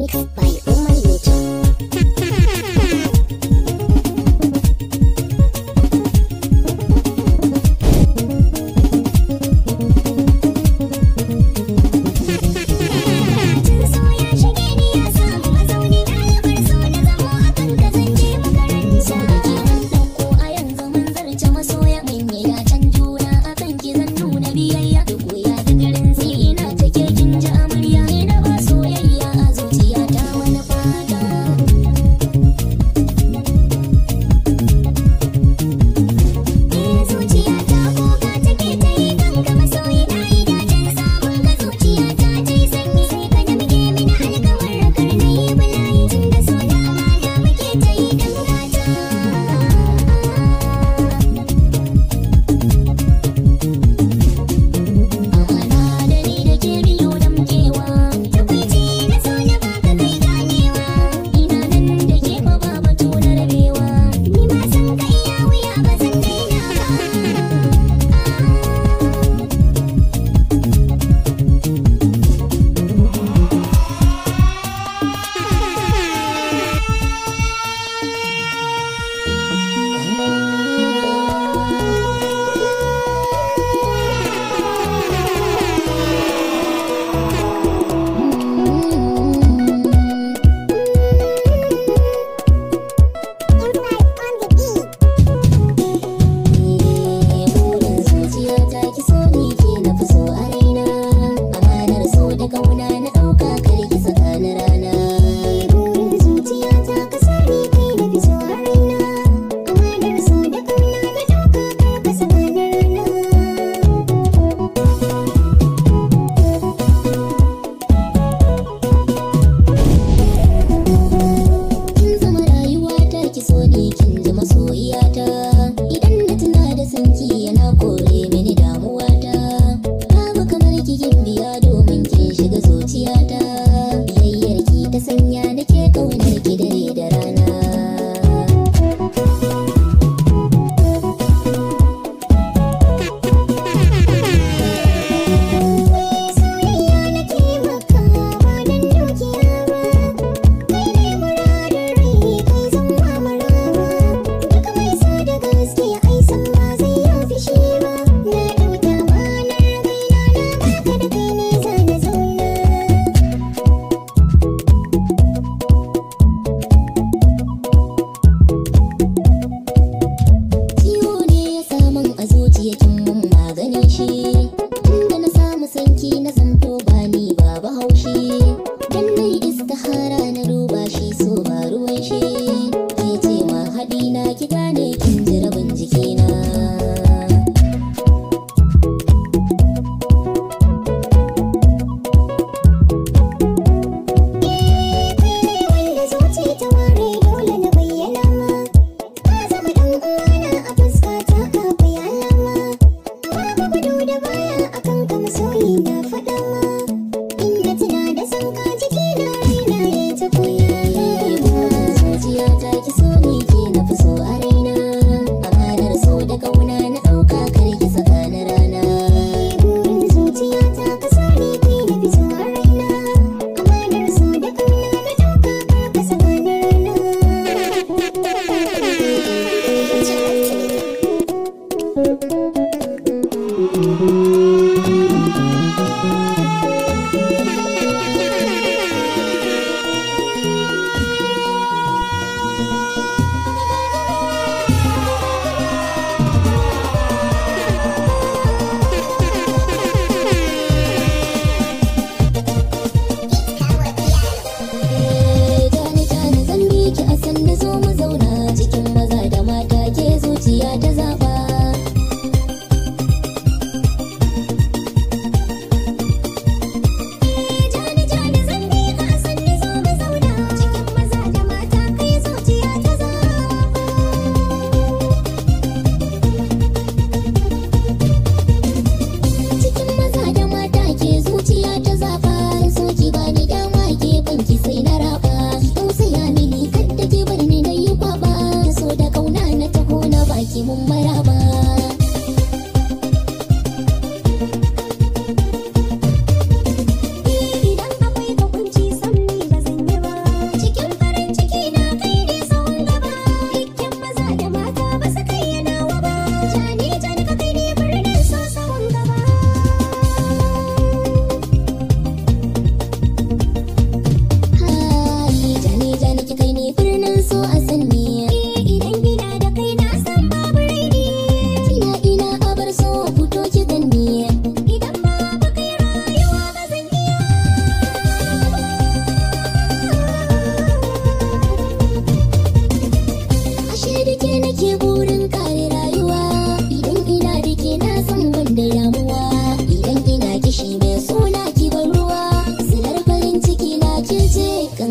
mixed by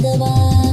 んだ